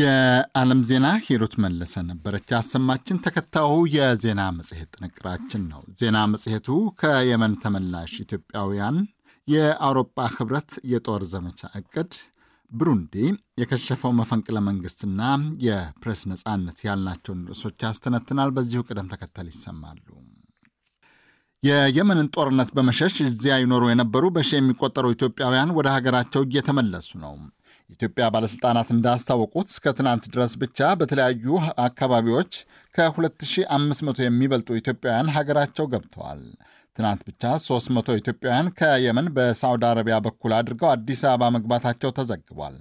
የዓለም ዜና ሂሩት መለሰ ነበረች ያሰማችን። ተከታዩ የዜና መጽሔት ጥንቅራችን ነው። ዜና መጽሔቱ ከየመን ተመላሽ ኢትዮጵያውያን፣ የአውሮፓ ህብረት የጦር ዘመቻ እቅድ ብሩንዲ፣ የከሸፈው መፈንቅለ መንግስትና የፕሬስ ነጻነት ያልናቸውን ርዕሶች ያስተነትናል። በዚሁ ቅደም ተከተል ይሰማሉ። የየመንን ጦርነት በመሸሽ እዚያ ይኖሩ የነበሩ በሺ የሚቆጠሩ ኢትዮጵያውያን ወደ ሀገራቸው እየተመለሱ ነው። የኢትዮጵያ ባለሥልጣናት እንዳስታወቁት እስከ ትናንት ድረስ ብቻ በተለያዩ አካባቢዎች ከ2500 የሚበልጡ ኢትዮጵያውያን ሀገራቸው ገብተዋል። ትናንት ብቻ 300 ኢትዮጵያውያን ከየመን በሳውዲ አረቢያ በኩል አድርገው አዲስ አበባ መግባታቸው ተዘግቧል።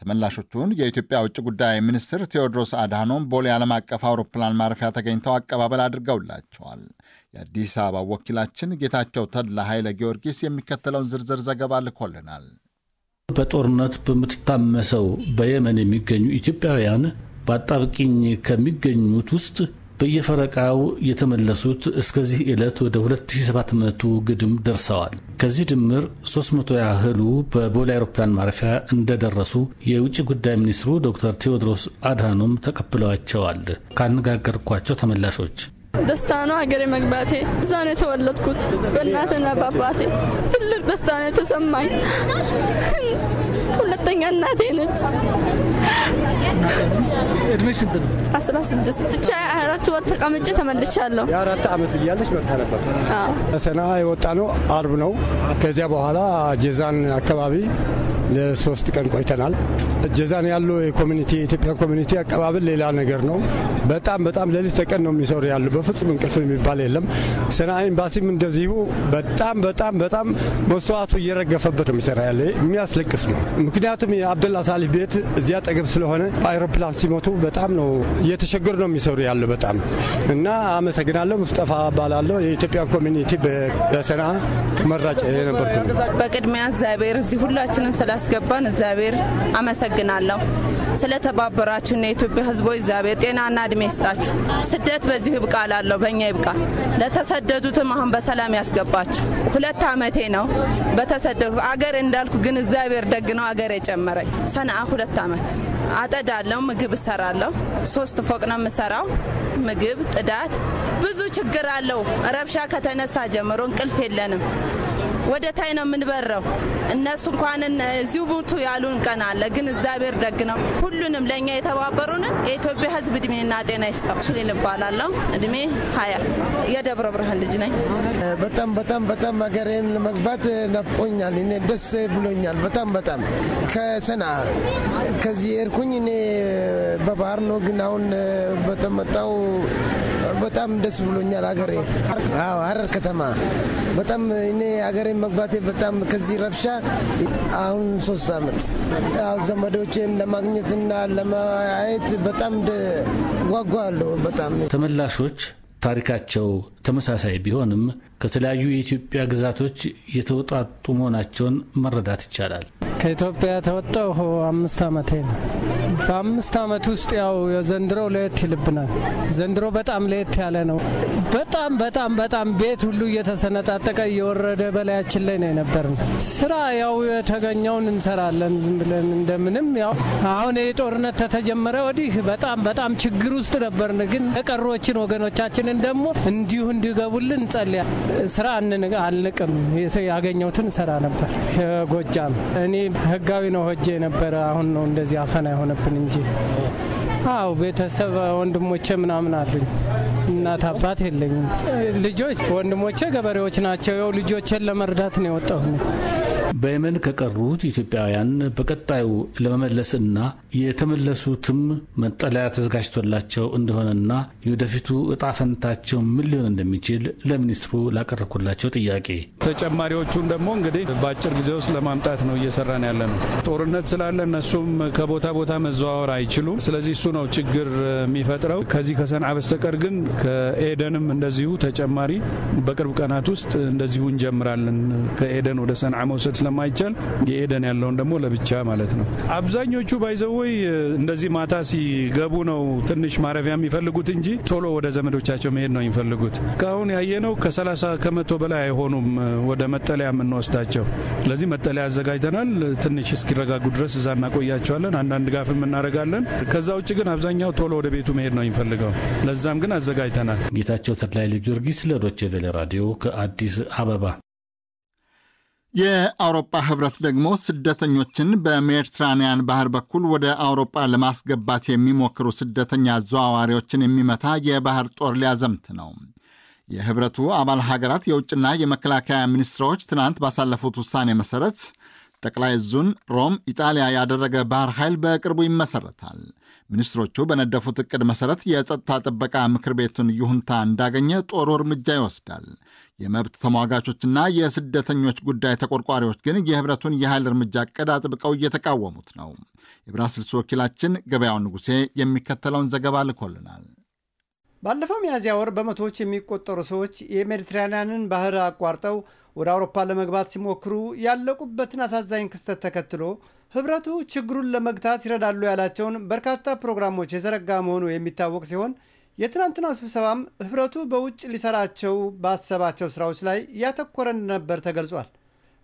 ተመላሾቹን የኢትዮጵያ ውጭ ጉዳይ ሚኒስትር ቴዎድሮስ አድሃኖም ቦሌ ዓለም አቀፍ አውሮፕላን ማረፊያ ተገኝተው አቀባበል አድርገውላቸዋል። የአዲስ አበባ ወኪላችን ጌታቸው ተድላ ኃይለ ጊዮርጊስ የሚከተለውን ዝርዝር ዘገባ ልኮልናል። በጦርነት በምትታመሰው በየመን የሚገኙ ኢትዮጵያውያን በአጣብቂኝ ከሚገኙት ውስጥ በየፈረቃው የተመለሱት እስከዚህ ዕለት ወደ 2700 ግድም ደርሰዋል። ከዚህ ድምር 300 ያህሉ በቦሌ አውሮፕላን ማረፊያ እንደደረሱ የውጭ ጉዳይ ሚኒስትሩ ዶክተር ቴዎድሮስ አድሃኖም ተቀብለዋቸዋል። ካነጋገርኳቸው ተመላሾች ደስታ ነው ሀገሬ መግባቴ። እዛ ነው የተወለድኩት በእናትና በአባቴ። ትልቅ ደስታ ነው የተሰማኝ። ሁለተኛ እናቴ ነች። እድሜ ስንት ነው? አስራ ስድስት ብቻ አራት ወር ተቀምጬ ተመልሻለሁ። የአራት ዓመት እያለች መታ ነበር። ከሰና የወጣ ነው አርብ ነው። ከዚያ በኋላ ጀዛን አካባቢ ለሶስት ቀን ቆይተናል። ጀዛን ያለው የኮሚኒቲ የኢትዮጵያ ኮሚኒቲ አቀባበል ሌላ ነገር ነው። በጣም በጣም ሌሊት ተቀን ነው የሚሰሩ ያሉ። በፍጹም እንቅልፍ የሚባል የለም። ሰንዓ ኤምባሲም እንደዚሁ በጣም በጣም በጣም መስዋዕቱ እየረገፈበት የሚሰራ ያለ የሚያስለቅስ ነው። ምክንያቱም የአብደላ ሳሊህ ቤት እዚያ አጠገብ ስለሆነ በአይሮፕላን ሲሞቱ በጣም ነው እየተቸገሩ ነው የሚሰሩ ያሉ በጣም እና አመሰግናለሁ። ሙስጠፋ ባላለሁ የኢትዮጵያ ኮሚኒቲ በሰንዓ ተመራጭ የነበርኩ በቅድሚያ እግዚአብሔር እዚህ ሁላችንን ስላ ስላስገባን እግዚአብሔር አመሰግናለሁ። ስለተባበራችሁና የኢትዮጵያ ሕዝቦች እግዚአብሔር ጤናና እድሜ ይስጣችሁ። ስደት በዚሁ ላለሁ በእኛ ይብቃ። ለተሰደዱትም አሁን በሰላም ያስገባቸው። ሁለት ዓመቴ ነው በተሰደዱ አገር እንዳልኩ ግን እግዚአብሔር ደግ ነው አገር የጨመረኝ። ሰንአ ሁለት ዓመት አጠዳለሁ፣ ምግብ እሰራለሁ። ሶስት ፎቅ ነው የምሰራው። ምግብ ጥዳት፣ ብዙ ችግር አለው። ረብሻ ከተነሳ ጀምሮ እንቅልፍ የለንም። ወደ ታይ ነው የምንበረው። እነሱ እንኳን እዚሁ ሙቱ ያሉን ቀን አለ። ግን እግዚአብሔር ደግ ነው። ሁሉንም ለእኛ የተባበሩንን የኢትዮጵያ ሕዝብ እድሜና ጤና ይስጠው። ሱሌን እባላለሁ። እድሜ ሀያ የደብረ ብርሃን ልጅ ነኝ። በጣም በጣም በጣም ሀገሬን ለመግባት ናፍቆኛል። እኔ ደስ ብሎኛል። በጣም በጣም ከሰና ከዚህ ኤርኩኝ እኔ በባህር ነው ግን አሁን በተመጣው በጣም ደስ ብሎኛል። አገሬ ሀረር ከተማ በጣም እኔ አገሬ መግባቴ በጣም ከዚህ ረብሻ አሁን ሶስት አመት ዘመዶችን ለማግኘትና ለማየት በጣም ጓጓለሁ። በጣም ተመላሾች ታሪካቸው ተመሳሳይ ቢሆንም ከተለያዩ የኢትዮጵያ ግዛቶች የተውጣጡ መሆናቸውን መረዳት ይቻላል። ከኢትዮጵያ ተወጣሁ አምስት አመቴ ነው። በአምስት አመት ውስጥ ያው የዘንድሮ ለየት ይልብናል። ዘንድሮ በጣም ለየት ያለ ነው። በጣም በጣም በጣም ቤት ሁሉ እየተሰነጣጠቀ እየወረደ በላያችን ላይ ነው የነበርን። ስራ ያው የተገኘውን እንሰራለን ዝም ብለን እንደምንም። ያው አሁን የጦርነት ተተጀመረ ወዲህ በጣም በጣም ችግር ውስጥ ነበርን። ግን የቀሮችን ወገኖቻችንን ደግሞ እንዲሁ እንዲገቡልን እንጸልያ። ስራ አንንቅም። ያገኘሁትን ሰራ ነበር ከጎጃም እኔ ህጋዊ ነው ሆጄ የነበረ አሁን ነው እንደዚህ አፈና የሆነብን እንጂ አው ቤተሰብ ወንድሞቼ ምናምን አሉኝ። እናት አባት የለኝም። ልጆች ወንድሞቼ ገበሬዎች ናቸው። የው ልጆችን ለመርዳት ነው የወጣሁ በየመን ከቀሩት ኢትዮጵያውያን በቀጣዩ ለመመለስና የተመለሱትም መጠለያ ተዘጋጅቶላቸው እንደሆነና የወደፊቱ እጣ ፈንታቸው ምን ሊሆን እንደሚችል ለሚኒስትሩ ላቀረብኩላቸው ጥያቄ ተጨማሪዎቹን ደግሞ እንግዲህ በአጭር ጊዜ ውስጥ ለማምጣት ነው እየሰራን ያለ ነው። ጦርነት ስላለ እነሱም ከቦታ ቦታ መዘዋወር አይችሉም። ስለዚህ እሱ ነው ችግር የሚፈጥረው። ከዚህ ከሰንዓ በስተቀር ግን ከኤደንም እንደዚሁ ተጨማሪ በቅርብ ቀናት ውስጥ እንደዚሁ እንጀምራለን። ከኤደን ወደ ሰንዓ መውሰድ ስለማይቻል የኤደን ያለውን ደግሞ ለብቻ ማለት ነው። አብዛኞቹ ባይዘወይ እንደዚህ ማታ ሲገቡ ነው ትንሽ ማረፊያ የሚፈልጉት እንጂ ቶሎ ወደ ዘመዶቻቸው መሄድ ነው የሚፈልጉት። ከአሁን ያየነው ከ30 ከመቶ በላይ አይሆኑም ወደ መጠለያ የምንወስዳቸው። ስለዚህ መጠለያ አዘጋጅተናል። ትንሽ እስኪረጋጉ ድረስ እዛ እናቆያቸዋለን። አንዳንድ ጋፍም እናደርጋለን። ከዛ ውጭ ግን አብዛኛው ቶሎ ወደ ቤቱ መሄድ ነው የሚፈልገው። ለዛም ግን አዘጋጅተናል። ጌታቸው ተድላይ ጊዮርጊስ ለዶቼ ቬለ ራዲዮ ከአዲስ አበባ የአውሮፓ ህብረት ደግሞ ስደተኞችን በሜዲትራኒያን ባህር በኩል ወደ አውሮፓ ለማስገባት የሚሞክሩ ስደተኛ አዘዋዋሪዎችን የሚመታ የባህር ጦር ሊያዘምት ነው። የህብረቱ አባል ሀገራት የውጭና የመከላከያ ሚኒስትሮች ትናንት ባሳለፉት ውሳኔ መሰረት ጠቅላይ ዕዙን ሮም፣ ኢጣሊያ ያደረገ ባህር ኃይል በቅርቡ ይመሰረታል። ሚኒስትሮቹ በነደፉት እቅድ መሰረት የጸጥታ ጥበቃ ምክር ቤቱን ይሁንታ እንዳገኘ ጦሩ እርምጃ ይወስዳል። የመብት ተሟጋቾችና የስደተኞች ጉዳይ ተቆርቋሪዎች ግን የህብረቱን የኃይል እርምጃ እቅድ አጥብቀው እየተቃወሙት ነው። የብራስልስ ወኪላችን ገበያው ንጉሴ የሚከተለውን ዘገባ ልኮልናል። ባለፈው ሚያዝያ ወር በመቶዎች የሚቆጠሩ ሰዎች የሜዲትራንያንን ባህር አቋርጠው ወደ አውሮፓ ለመግባት ሲሞክሩ ያለቁበትን አሳዛኝ ክስተት ተከትሎ ህብረቱ ችግሩን ለመግታት ይረዳሉ ያላቸውን በርካታ ፕሮግራሞች የዘረጋ መሆኑ የሚታወቅ ሲሆን የትናንትናው ስብሰባም ህብረቱ በውጭ ሊሰራቸው ባሰባቸው ስራዎች ላይ ያተኮረ እንደነበር ተገልጿል።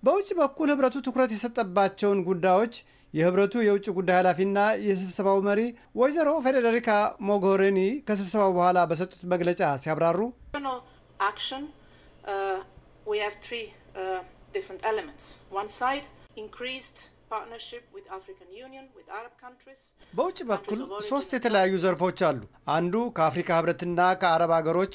በውጭ በኩል ህብረቱ ትኩረት የሰጠባቸውን ጉዳዮች የህብረቱ የውጭ ጉዳይ ኃላፊና የስብሰባው መሪ ወይዘሮ ፌዴሪካ ሞጎሪኒ ከስብሰባው በኋላ በሰጡት መግለጫ ሲያብራሩ we have three uh, different elements. One side, increased በውጭ በኩል ሶስት የተለያዩ ዘርፎች አሉ። አንዱ ከአፍሪካ ህብረትና ከአረብ አገሮች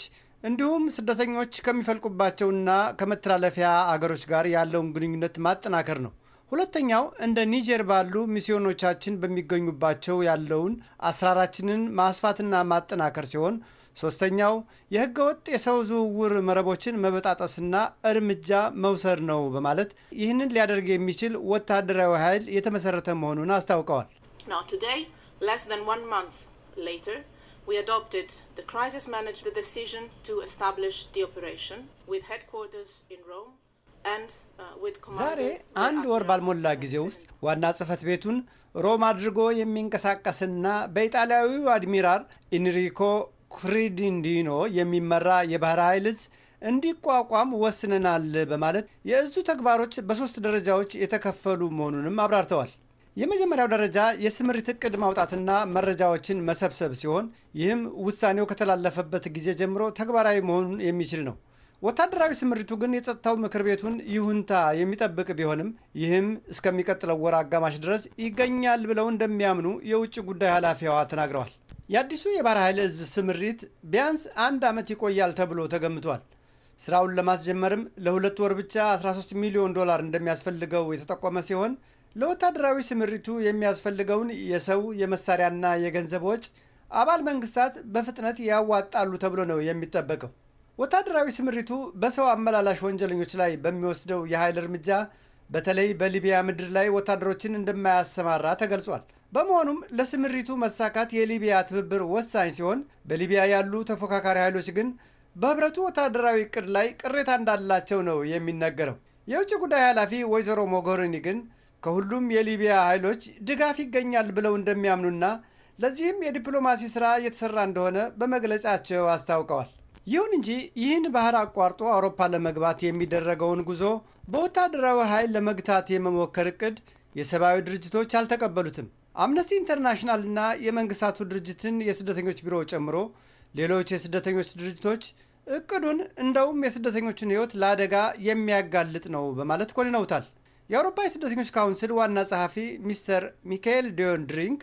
እንዲሁም ስደተኞች ከሚፈልቁባቸውና ከመተላለፊያ አገሮች ጋር ያለውን ግንኙነት ማጠናከር ነው። ሁለተኛው እንደ ኒጀር ባሉ ሚስዮኖቻችን በሚገኙባቸው ያለውን አሰራራችንን ማስፋትና ማጠናከር ሲሆን ሶስተኛው የህገወጥ የሰው ዝውውር መረቦችን መበጣጠስና እርምጃ መውሰድ ነው በማለት ይህንን ሊያደርግ የሚችል ወታደራዊ ኃይል የተመሰረተ መሆኑን አስታውቀዋል። uh, ዛሬ አንድ ወር ባልሞላ ጊዜ ውስጥ ዋና ጽህፈት ቤቱን ሮም አድርጎ የሚንቀሳቀስና በኢጣሊያዊው አድሚራል ኢንሪኮ ኩሪዲንዲኖ የሚመራ የባህር ኃይል እዝ እንዲቋቋም ወስነናል በማለት የእዙ ተግባሮች በሶስት ደረጃዎች የተከፈሉ መሆኑንም አብራርተዋል። የመጀመሪያው ደረጃ የስምሪት እቅድ ማውጣትና መረጃዎችን መሰብሰብ ሲሆን ይህም ውሳኔው ከተላለፈበት ጊዜ ጀምሮ ተግባራዊ መሆኑን የሚችል ነው። ወታደራዊ ስምሪቱ ግን የጸጥታው ምክር ቤቱን ይሁንታ የሚጠብቅ ቢሆንም ይህም እስከሚቀጥለው ወር አጋማሽ ድረስ ይገኛል ብለው እንደሚያምኑ የውጭ ጉዳይ ኃላፊዋ ተናግረዋል። የአዲሱ የባሕር ኃይል እዝ ስምሪት ቢያንስ አንድ ዓመት ይቆያል ተብሎ ተገምቷል። ስራውን ለማስጀመርም ለሁለት ወር ብቻ 13 ሚሊዮን ዶላር እንደሚያስፈልገው የተጠቆመ ሲሆን ለወታደራዊ ስምሪቱ የሚያስፈልገውን የሰው የመሳሪያና የገንዘብ ወጪ አባል መንግስታት በፍጥነት ያዋጣሉ ተብሎ ነው የሚጠበቀው። ወታደራዊ ስምሪቱ በሰው አመላላሽ ወንጀለኞች ላይ በሚወስደው የኃይል እርምጃ በተለይ በሊቢያ ምድር ላይ ወታደሮችን እንደማያሰማራ ተገልጿል። በመሆኑም ለስምሪቱ መሳካት የሊቢያ ትብብር ወሳኝ ሲሆን በሊቢያ ያሉ ተፎካካሪ ኃይሎች ግን በህብረቱ ወታደራዊ እቅድ ላይ ቅሬታ እንዳላቸው ነው የሚነገረው። የውጭ ጉዳይ ኃላፊ ወይዘሮ ሞጎሪኒ ግን ከሁሉም የሊቢያ ኃይሎች ድጋፍ ይገኛል ብለው እንደሚያምኑና ለዚህም የዲፕሎማሲ ስራ እየተሰራ እንደሆነ በመግለጫቸው አስታውቀዋል። ይሁን እንጂ ይህን ባህር አቋርጦ አውሮፓ ለመግባት የሚደረገውን ጉዞ በወታደራዊ ኃይል ለመግታት የመሞከር እቅድ የሰብአዊ ድርጅቶች አልተቀበሉትም። አምነስቲ ኢንተርናሽናል እና የመንግስታቱ ድርጅትን የስደተኞች ቢሮ ጨምሮ ሌሎች የስደተኞች ድርጅቶች እቅዱን እንደውም የስደተኞችን ህይወት ለአደጋ የሚያጋልጥ ነው በማለት ኮንነውታል። የአውሮፓ የስደተኞች ካውንስል ዋና ጸሐፊ ሚስተር ሚካኤል ዲዮንድሪንክ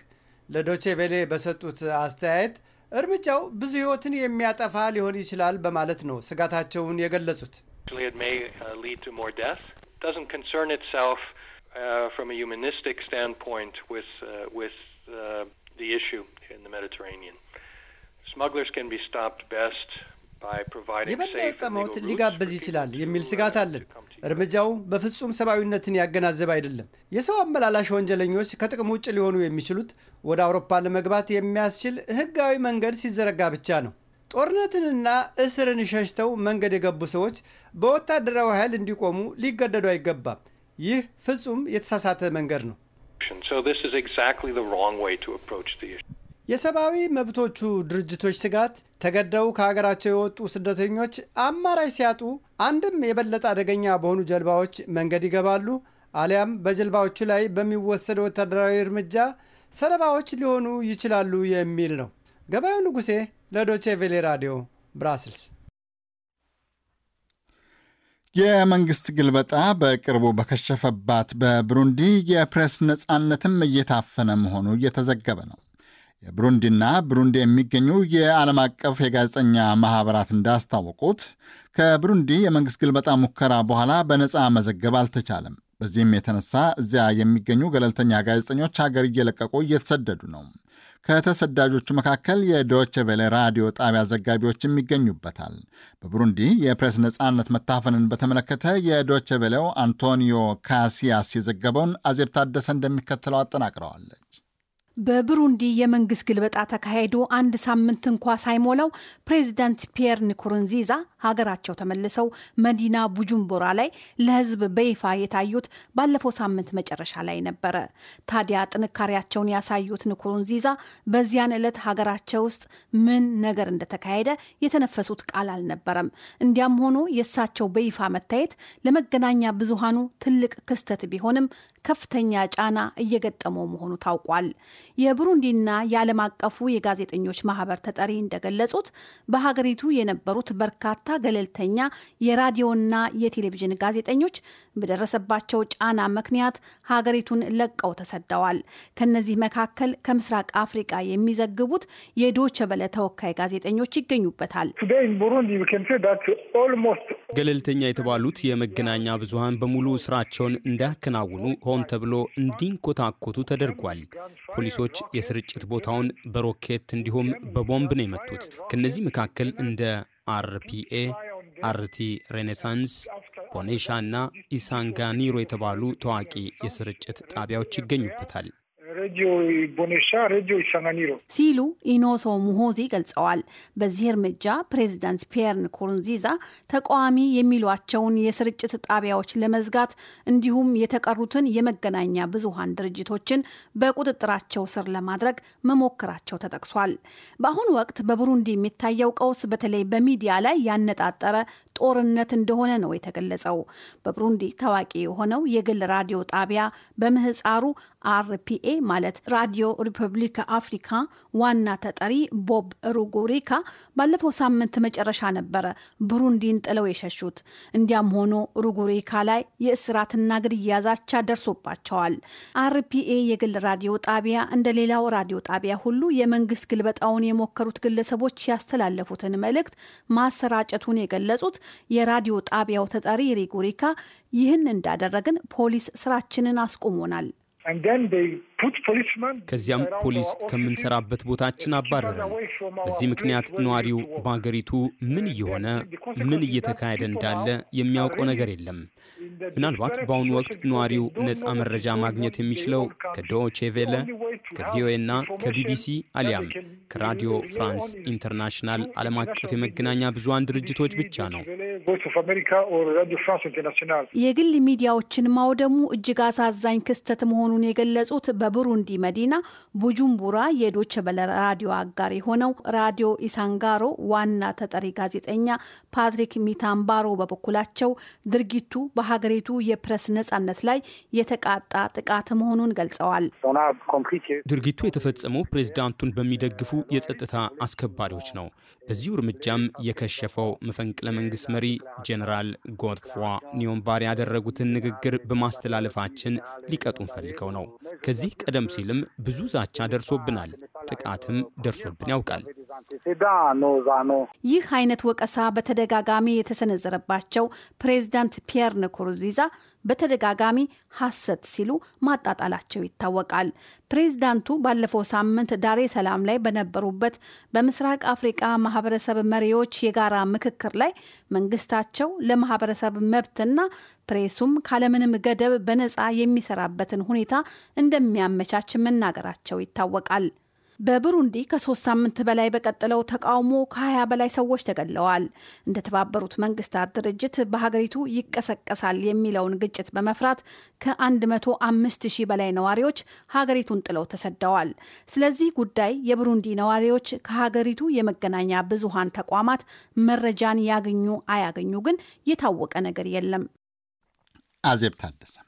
ለዶቼ ቬሌ በሰጡት አስተያየት እርምጃው ብዙ ህይወትን የሚያጠፋ ሊሆን ይችላል በማለት ነው ስጋታቸውን የገለጹት። uh, from a humanistic standpoint with uh, with uh, the issue in the Mediterranean. Smugglers can be stopped best by providing የበለጠ ሞት ሊጋበዝ ይችላል የሚል uh, ስጋት አለን። እርምጃው በፍጹም ሰብአዊነትን ያገናዘብ አይደለም። የሰው አመላላሽ ወንጀለኞች ከጥቅም ውጭ ሊሆኑ የሚችሉት ወደ አውሮፓ ለመግባት የሚያስችል ሕጋዊ መንገድ ሲዘረጋ ብቻ ነው። ጦርነትንና እስርን ሸሽተው መንገድ የገቡ ሰዎች በወታደራዊ ኃይል እንዲቆሙ ሊገደዱ አይገባም። ይህ ፍጹም የተሳሳተ መንገድ ነው። የሰብአዊ መብቶቹ ድርጅቶች ስጋት ተገደው ከሀገራቸው የወጡ ስደተኞች አማራጭ ሲያጡ አንድም የበለጠ አደገኛ በሆኑ ጀልባዎች መንገድ ይገባሉ፣ አሊያም በጀልባዎቹ ላይ በሚወሰድ ወታደራዊ እርምጃ ሰለባዎች ሊሆኑ ይችላሉ የሚል ነው። ገበያው ንጉሴ ለዶቼ ቬሌ ራዲዮ ብራስልስ የመንግስት ግልበጣ በቅርቡ በከሸፈባት በብሩንዲ የፕሬስ ነፃነትም እየታፈነ መሆኑ እየተዘገበ ነው። የብሩንዲና ብሩንዲ የሚገኙ የዓለም አቀፍ የጋዜጠኛ ማኅበራት እንዳስታወቁት ከብሩንዲ የመንግሥት ግልበጣ ሙከራ በኋላ በነፃ መዘገብ አልተቻለም። በዚህም የተነሳ እዚያ የሚገኙ ገለልተኛ ጋዜጠኞች ሀገር እየለቀቁ እየተሰደዱ ነው። ከተሰዳጆቹ መካከል የዶች ቬለ ራዲዮ ጣቢያ ዘጋቢዎችም ይገኙበታል። በቡሩንዲ የፕሬስ ነፃነት መታፈንን በተመለከተ የዶች ቬለው አንቶኒዮ ካሲያስ የዘገበውን አዜብ ታደሰ እንደሚከተለው አጠናቅረዋለች። በብሩንዲ የመንግስት ግልበጣ ተካሄዶ አንድ ሳምንት እንኳ ሳይሞላው ፕሬዚዳንት ፒየር ኒኩሩንዚዛ ሀገራቸው ተመልሰው መዲና ቡጁምቡራ ላይ ለህዝብ በይፋ የታዩት ባለፈው ሳምንት መጨረሻ ላይ ነበረ። ታዲያ ጥንካሬያቸውን ያሳዩት ንኩሩንዚዛ በዚያን ዕለት ሀገራቸው ውስጥ ምን ነገር እንደተካሄደ የተነፈሱት ቃል አልነበረም። እንዲያም ሆኖ የእሳቸው በይፋ መታየት ለመገናኛ ብዙሃኑ ትልቅ ክስተት ቢሆንም ከፍተኛ ጫና እየገጠመው መሆኑ ታውቋል። የብሩንዲና የዓለም አቀፉ የጋዜጠኞች ማህበር ተጠሪ እንደገለጹት በሀገሪቱ የነበሩት በርካታ ገለልተኛ የራዲዮና የቴሌቪዥን ጋዜጠኞች በደረሰባቸው ጫና ምክንያት ሀገሪቱን ለቀው ተሰደዋል። ከነዚህ መካከል ከምስራቅ አፍሪቃ የሚዘግቡት የዶቼ በለ ተወካይ ጋዜጠኞች ይገኙበታል። ገለልተኛ የተባሉት የመገናኛ ብዙሀን በሙሉ ስራቸውን እንዳያከናውኑ ሆን ተብሎ እንዲንኮታኮቱ ተደርጓል። ፖሊሶች የስርጭት ቦታውን በሮኬት እንዲሁም በቦምብ ነው የመቱት። ከነዚህ መካከል እንደ አርፒኤ፣ አርቲ ሬኔሳንስ፣ ቦኔሻ እና ኢሳንጋኒሮ የተባሉ ታዋቂ የስርጭት ጣቢያዎች ይገኙበታል። ሬዲዮ ቦኔሻ ሬዲዮ ይሰናኒሮ ሲሉ ኢኖሶ ሙሆዚ ገልጸዋል። በዚህ እርምጃ ፕሬዚዳንት ፒየር ንኩሩንዚዛ ተቃዋሚ የሚሏቸውን የስርጭት ጣቢያዎች ለመዝጋት እንዲሁም የተቀሩትን የመገናኛ ብዙሃን ድርጅቶችን በቁጥጥራቸው ስር ለማድረግ መሞከራቸው ተጠቅሷል። በአሁኑ ወቅት በቡሩንዲ የሚታየው ቀውስ በተለይ በሚዲያ ላይ ያነጣጠረ ጦርነት እንደሆነ ነው የተገለጸው። በቡሩንዲ ታዋቂ የሆነው የግል ራዲዮ ጣቢያ በምህፃሩ አርፒኤ ማለት ራዲዮ ሪፐብሊክ አፍሪካ ዋና ተጠሪ ቦብ ሩጉሪካ ባለፈው ሳምንት መጨረሻ ነበረ ብሩንዲን ጥለው የሸሹት። እንዲያም ሆኖ ሩጉሪካ ላይ የእስራትና ግድያ ዛቻ ደርሶባቸዋል። አርፒኤ የግል ራዲዮ ጣቢያ እንደ ሌላው ራዲዮ ጣቢያ ሁሉ የመንግስት ግልበጣውን የሞከሩት ግለሰቦች ያስተላለፉትን መልእክት ማሰራጨቱን የገለጹት የራዲዮ ጣቢያው ተጠሪ ሪጉሪካ ይህን እንዳደረግን ፖሊስ ስራችንን አስቆሞናል። ከዚያም ፖሊስ ከምንሰራበት ቦታችን አባረረን። በዚህ ምክንያት ነዋሪው በአገሪቱ ምን እየሆነ ምን እየተካሄደ እንዳለ የሚያውቀው ነገር የለም። ምናልባት በአሁኑ ወቅት ነዋሪው ነፃ መረጃ ማግኘት የሚችለው ከዶቼ ቬለ፣ ከቪኦኤና ከቢቢሲ አሊያም ከራዲዮ ፍራንስ ኢንተርናሽናል ዓለም አቀፍ የመገናኛ ብዙሃን ድርጅቶች ብቻ ነው። የግል ሚዲያዎችን ማውደሙ እጅግ አሳዛኝ ክስተት መሆኑን የገለጹት በቡሩንዲ መዲና ቡጁምቡራ የዶች በለ ራዲዮ አጋር የሆነው ራዲዮ ኢሳንጋሮ ዋና ተጠሪ ጋዜጠኛ ፓትሪክ ሚታምባሮ በበኩላቸው ድርጊቱ በሀገሪቱ የፕሬስ ነጻነት ላይ የተቃጣ ጥቃት መሆኑን ገልጸዋል። ድርጊቱ የተፈጸመው ፕሬዝዳንቱን በሚደግፉ የጸጥታ አስከባሪዎች ነው። በዚሁ እርምጃም የከሸፈው መፈንቅለ መንግስት መሪ ጀኔራል ጎድፏ ኒዮምባር ያደረጉትን ንግግር በማስተላለፋችን ሊቀጡን ፈልገው ነው። ከዚህ ቀደም ሲልም ብዙ ዛቻ ደርሶብናል፣ ጥቃትም ደርሶብን ያውቃል። ይህ አይነት ወቀሳ በተደጋጋሚ የተሰነዘረባቸው ፕሬዚዳንት ፒየር ንኩሩዚዛ በተደጋጋሚ ሐሰት ሲሉ ማጣጣላቸው ይታወቃል። ፕሬዚዳንቱ ባለፈው ሳምንት ዳሬ ሰላም ላይ በነበሩበት በምስራቅ አፍሪቃ ማህበረሰብ መሪዎች የጋራ ምክክር ላይ መንግስታቸው ለማህበረሰብ መብትና ፕሬሱም ካለምንም ገደብ በነፃ የሚሰራበትን ሁኔታ እንደሚያመቻች መናገራቸው ይታወቃል። በብሩንዲ ከሶስት ሳምንት በላይ በቀጠለው ተቃውሞ ከ20 በላይ ሰዎች ተገድለዋል። እንደ ተባበሩት መንግስታት ድርጅት በሀገሪቱ ይቀሰቀሳል የሚለውን ግጭት በመፍራት ከ105 ሺህ በላይ ነዋሪዎች ሀገሪቱን ጥለው ተሰደዋል። ስለዚህ ጉዳይ የብሩንዲ ነዋሪዎች ከሀገሪቱ የመገናኛ ብዙሃን ተቋማት መረጃን ያገኙ አያገኙ ግን የታወቀ ነገር የለም። አዜብ ታደሰ